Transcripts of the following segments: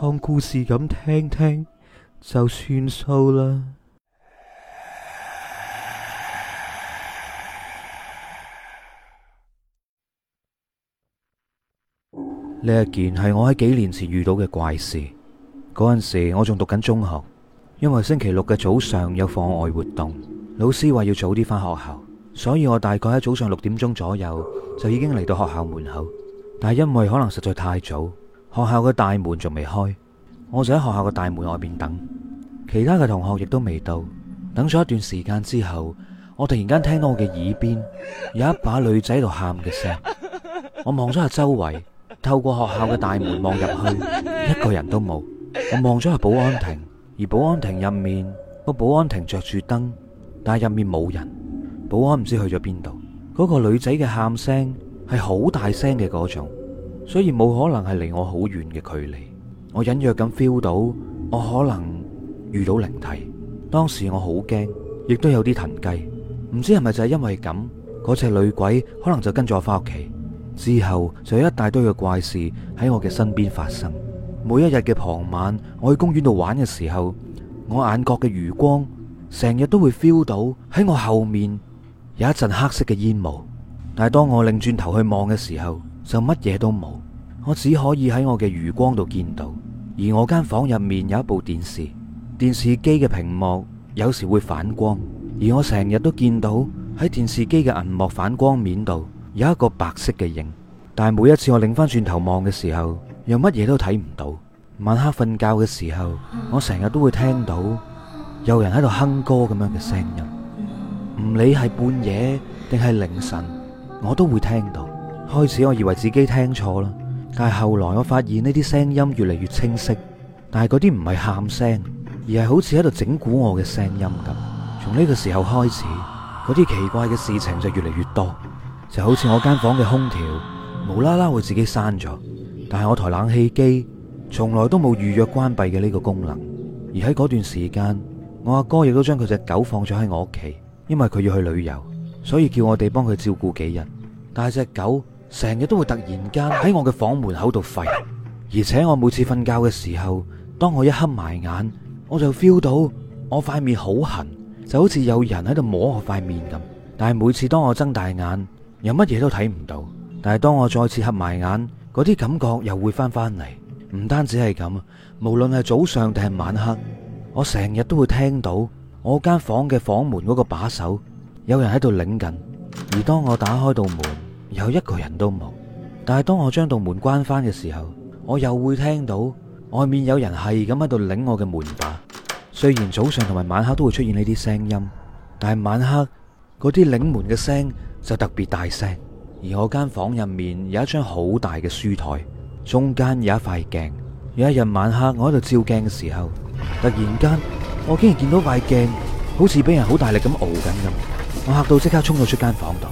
當故事咁聽聽就算數啦。呢一件係我喺幾年前遇到嘅怪事。嗰陣時我仲讀緊中學，因為星期六嘅早上有課外活動，老師話要早啲翻學校，所以我大概喺早上六點鐘左右就已經嚟到學校門口。但係因為可能實在太早。學校嘅大門仲未開，我就喺學校嘅大門外面等。其他嘅同學亦都未到，等咗一段時間之後，我突然間聽到我嘅耳邊有一把女仔喺度喊嘅聲。我望咗下周圍，透過學校嘅大門望入去，一個人都冇。我望咗下保安亭，而保安亭入面個保安亭着住燈，但係入面冇人，保安唔知去咗邊度。嗰個女仔嘅喊聲係好大聲嘅嗰種。所以冇可能係離我好遠嘅距離，我隱約咁 feel 到我可能遇到靈體。當時我好驚，亦都有啲騰雞，唔知係咪就係因為咁，嗰隻女鬼可能就跟咗我翻屋企。之後就有一大堆嘅怪事喺我嘅身邊發生。每一日嘅傍晚，我去公園度玩嘅時候，我眼角嘅餘光成日都會 feel 到喺我後面有一陣黑色嘅煙霧，但係當我擰轉頭去望嘅時候，就乜嘢都冇，我只可以喺我嘅餘光度見到。而我間房入面有一部電視，電視機嘅屏幕有時會反光，而我成日都見到喺電視機嘅銀幕反光面度有一個白色嘅影。但係每一次我擰翻轉頭望嘅時候，又乜嘢都睇唔到。晚黑瞓覺嘅時候，我成日都會聽到有人喺度哼歌咁樣嘅聲音。唔理係半夜定係凌晨，我都會聽到。開始我以為自己聽錯啦，但係後來我發現呢啲聲音越嚟越清晰，但係嗰啲唔係喊聲，而係好似喺度整蠱我嘅聲音咁。從呢個時候開始，嗰啲奇怪嘅事情就越嚟越多，就好似我間房嘅空調無啦啦會自己閂咗，但係我台冷氣機從來都冇預約關閉嘅呢個功能。而喺嗰段時間，我阿哥亦都將佢隻狗放咗喺我屋企，因為佢要去旅遊，所以叫我哋幫佢照顧幾日。但係隻狗。成日都會突然間喺我嘅房門口度吠，而且我每次瞓覺嘅時候，當我一黑埋眼，我就 feel 到我塊面好痕，就好似有人喺度摸我塊面咁。但係每次當我睜大眼，又乜嘢都睇唔到。但係當我再次黑埋眼，嗰啲感覺又會翻返嚟。唔單止係咁，無論係早上定係晚黑，我成日都會聽到我間房嘅房門嗰個把手有人喺度擰緊。而當我打開道門。有一個人都冇，但係當我將道門關翻嘅時候，我又會聽到外面有人係咁喺度擰我嘅門把。雖然早上同埋晚黑都會出現呢啲聲音，但係晚黑嗰啲擰門嘅聲就特別大聲。而我間房入面有一張好大嘅書台，中間有一塊鏡。有一日晚黑，我喺度照鏡嘅時候，突然間我竟然見到塊鏡好似俾人好大力咁拗緊咁，我嚇到即刻衝到出間房度。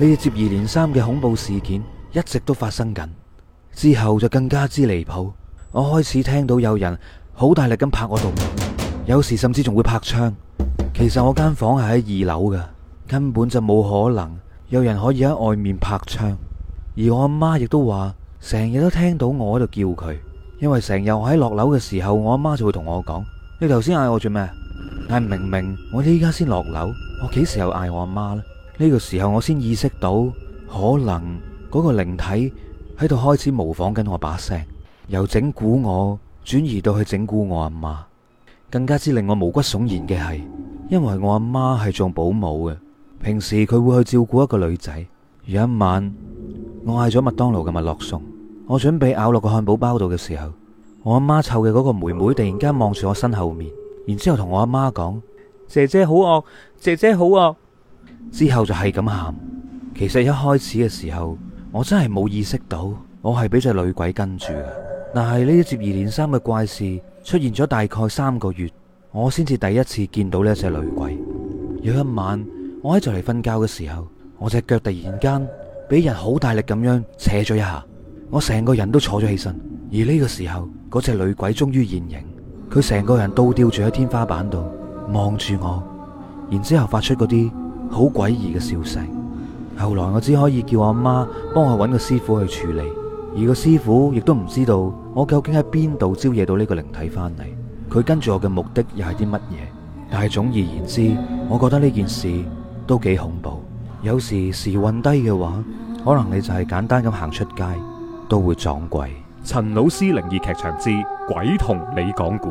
呢啲接二連三嘅恐怖事件一直都發生緊，之後就更加之離譜。我開始聽到有人好大力咁拍我度，有時甚至仲會拍窗。其實我間房係喺二樓㗎，根本就冇可能有人可以喺外面拍窗。而我阿媽亦都話，成日都聽到我喺度叫佢，因為成日我喺落樓嘅時候，我阿媽就會同我講：「你頭先嗌我做咩？但係明明我哋呢家先落樓，我幾時又嗌我阿媽呢？」呢個時候我先意識到，可能嗰個靈體喺度開始模仿緊我把聲，由整蠱我，轉移到去整蠱我阿媽。更加之令我毛骨悚然嘅係，因為我阿媽係做保姆嘅，平時佢會去照顧一個女仔。有一晚，我嗌咗麥當勞嘅麥樂餸，我準備咬落個漢堡包度嘅時候，我阿媽湊嘅嗰個妹妹突然間望住我身後面，然之後同我阿媽講：姐姐好惡，姐姐好惡。之後就係咁喊。其實一開始嘅時候，我真係冇意識到我係俾隻女鬼跟住嘅。但係呢啲接二連三嘅怪事出現咗大概三個月，我先至第一次見到呢隻女鬼。有一晚，我喺就嚟瞓覺嘅時候，我隻腳突然間俾人好大力咁樣扯咗一下，我成個人都坐咗起身。而呢個時候，嗰隻女鬼終於現形，佢成個人都吊住喺天花板度，望住我，然之後發出嗰啲。好詭異嘅消息，後來我只可以叫阿媽幫我搵個師傅去處理，而個師傅亦都唔知道我究竟喺邊度招惹到呢個靈體翻嚟，佢跟住我嘅目的又係啲乜嘢，但係總而言之，我覺得呢件事都幾恐怖。有時時運低嘅話，可能你就係簡單咁行出街都會撞鬼。陳老師靈異劇場之鬼同你講故。